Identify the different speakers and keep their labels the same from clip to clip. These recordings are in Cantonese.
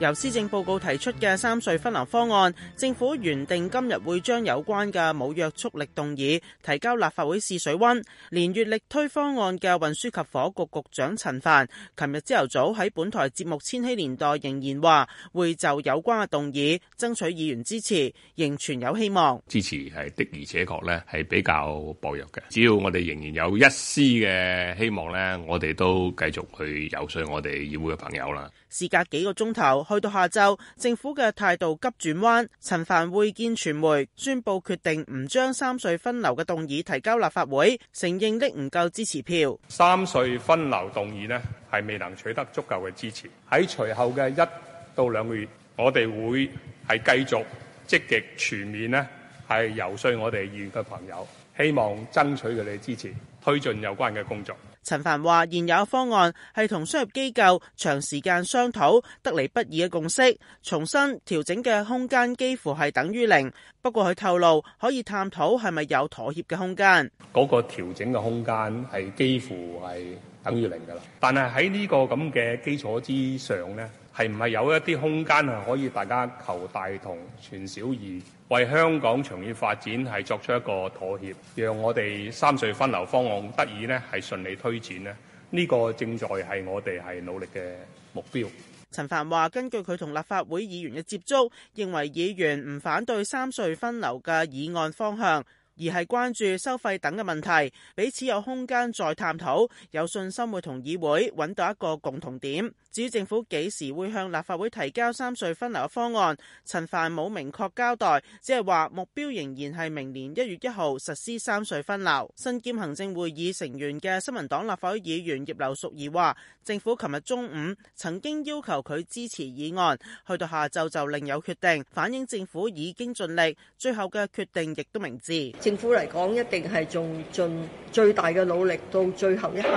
Speaker 1: 由施政報告提出嘅三隧分流方案，政府原定今日會將有關嘅冇約束力動議提交立法會試水温。連月力推方案嘅運輸及房屋局局長陳帆，琴日朝頭早喺本台節目《千禧年代》仍然話會就有關嘅動議爭取議員支持，仍存有希望。
Speaker 2: 支持係的而且確咧，係比較薄弱嘅。只要我哋仍然有一絲嘅希望呢，我哋都繼續去游說我哋議會嘅朋友啦。
Speaker 1: 事隔幾個鐘頭。去到下晝，政府嘅態度急轉彎。陳帆會見傳媒，宣布決定唔將三隧分流嘅動議提交立法會，承認啲唔夠支持票。三隧分流
Speaker 2: 動議呢係未能取得足夠嘅支持。喺隨後嘅一到兩個月，我哋會係繼續積極全面呢係游說我哋議員嘅朋
Speaker 1: 友，希望爭取佢哋支持，推進有關嘅工作。陳帆話：現有方案係同商業機構長時間商討得嚟不易嘅共識，重新調整嘅空間幾乎係等於零。不過佢透露可以探討係咪有妥協嘅空間。嗰個調整嘅空間係幾乎係等於零噶
Speaker 2: 啦。但係喺呢個咁嘅基礎之上呢。係唔係有一啲空間係可以大家求大同存小異，為香港長遠發展係作出一個妥協，讓我哋三隧分流方案得以咧係順利推展呢？呢、呢個
Speaker 1: 正在係我哋係努力嘅目標。陳帆話：根據佢同立法會議員嘅接觸，認為議員唔反對三隧分流嘅議案方向。而係關注收費等嘅問題，彼此有空間再探討，有信心會同議會揾到一個共同點。至於政府幾時會向立法會提交三隧分流嘅方案，陳帆冇明確交代，只係話目標仍然係明年一月一號實施三隧分流。身兼行政會議成員嘅新民黨立法會議員葉劉淑儀話，政府琴日中午曾經要求佢支持議案，去到下晝就另有決定，反映政府已經盡力，最後嘅決定亦都明智。政府嚟講，一定係仲盡最大嘅努力，到最後一刻。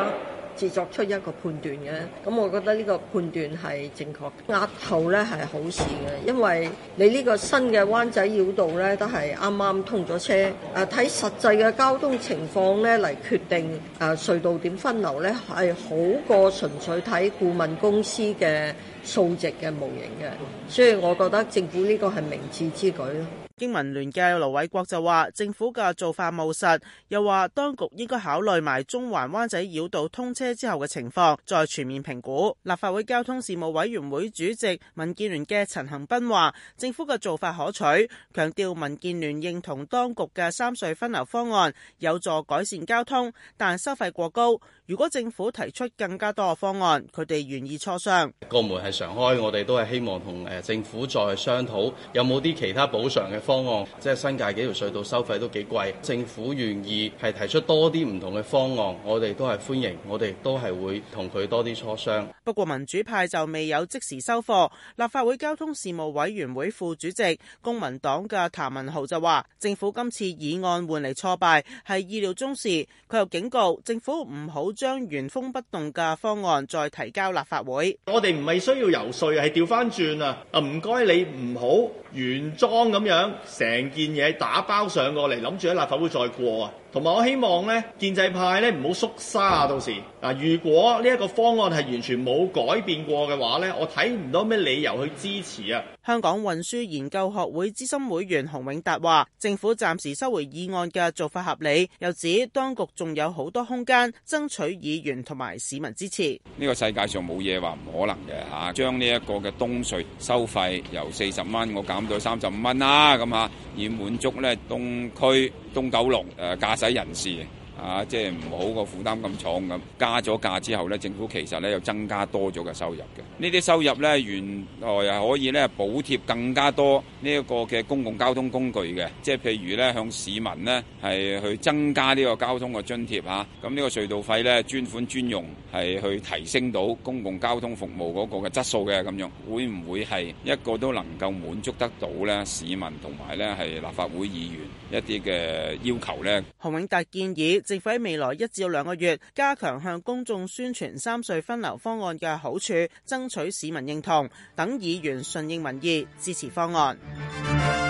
Speaker 1: 自作出一個判斷嘅，咁我覺得呢個判斷係正確，壓後咧係好事嘅，因為你呢個新嘅灣仔繞道咧都係啱啱通咗車，誒睇實際嘅交通情況咧嚟，決定誒隧道點分流咧係好過純粹睇顧問公司嘅數值嘅模型嘅，所以我
Speaker 2: 覺得政府呢個係明智之舉
Speaker 1: 咯。經民聯嘅盧偉國就話政府嘅做法務實，又話當局應該考慮埋中環灣仔繞道通車車之後嘅情況再全面評估。立法會交通事務委員會主席、民建聯嘅陳恒鑌話，政府嘅做法可取，強調民建聯認同當局嘅三隧分流方案有助改善交通，但收費過高。如果政府提出更加多嘅方案，佢哋願意磋商。
Speaker 2: 個門係常開，我哋都係希望同誒政府再去商討有冇啲其他補償嘅方案。即係新界幾條隧道收費都幾貴，政府願意係提出多啲唔同嘅方案，我哋都係歡迎。我哋。都係會同佢多啲磋商。
Speaker 1: 不過民主派就未有即時收貨。立法會交通事務委員會副主席、公民黨嘅譚文豪就話：政府今次議案換嚟挫敗係意料中事。佢又警告政府唔好將原封不動嘅方案再提交立法會。我哋唔係需要游說，係調返轉啊！啊，唔該你
Speaker 2: 唔好原裝咁樣，成件嘢打包上過嚟，諗住喺立法會再過啊！同埋我希望呢，建制派呢，唔好縮沙啊！到時嗱，如果呢一個
Speaker 1: 方案係完全冇改變過嘅話呢，我睇唔到咩理由去支持啊！香港運輸研究學會資深會員洪永達話：政府暫時收回議案嘅做法合理，又指當局仲有好多空間爭取議員同埋市民支持。
Speaker 3: 呢個世界上冇嘢話唔可能嘅嚇，將呢一個嘅東隧收費由四十蚊我減到三十五蚊啦，咁啊，以滿足呢東區。東九龍呃、駕駛人士啊，即係唔好個負擔咁重咁，加咗價之後咧，政府其實咧又增加多咗嘅收入嘅。呢啲收入咧，原來又可以咧補貼更加多呢一個嘅公共交通工具嘅，即係譬如咧向市民咧係去增加呢個交通嘅津貼嚇。咁、啊、呢個隧道費咧專款專用，係去提升到公共交通服務嗰個嘅質素嘅咁樣，會唔會係一個都能夠滿足得到咧市民同埋咧係立法會議員一啲嘅要求咧？
Speaker 1: 洪永達建議。政府喺未來一至兩個月加強向公眾宣傳三隧分流方案嘅好處，爭取市民認同，等議員順應民意支持方案。